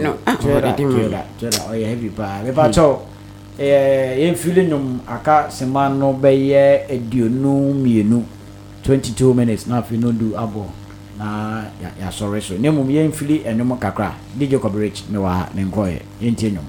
no ah, twee oh, eh, no twittertwitter ɔyɛ heavy paa mepa kyɛw yɛmfili nnwom aka sema no bɛyɛ aduonu eh, mmienu 22 minutes na afei no du abɔ na yɛasɔre so na mmom yɛmfiri ɛnwom kakra de jacob rich mewɔ ha menkɔɛ yɛntie nnwom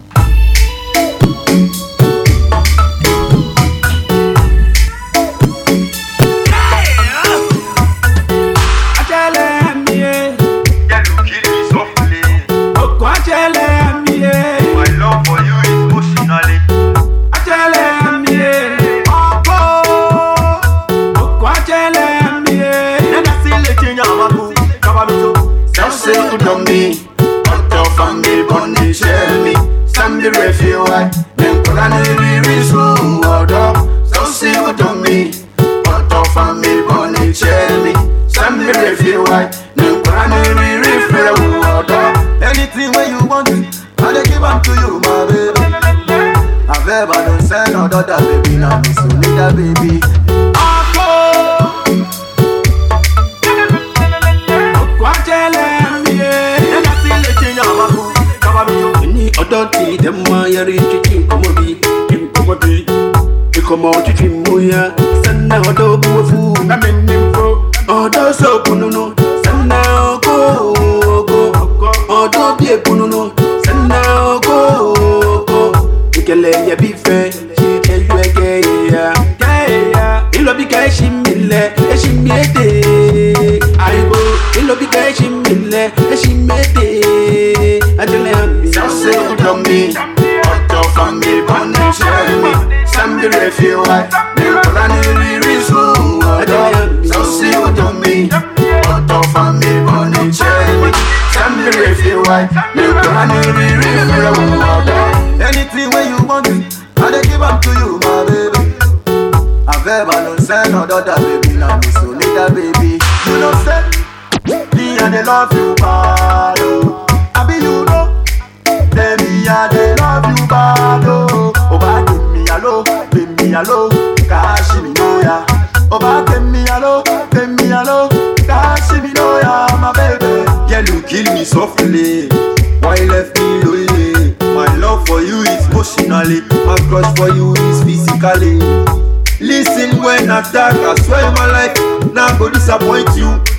love you bad oh. I be you know, tell me I they love you bad oh. Oba give me a low, give me a low, cash me no ya. Oba give me a low, give me a low, cash me no ya, my baby. Yeah, you kill me softly, why left me lonely? My love for you is emotionally, my crush for you is physically. Listen when I talk, I swear my life, now go disappoint you.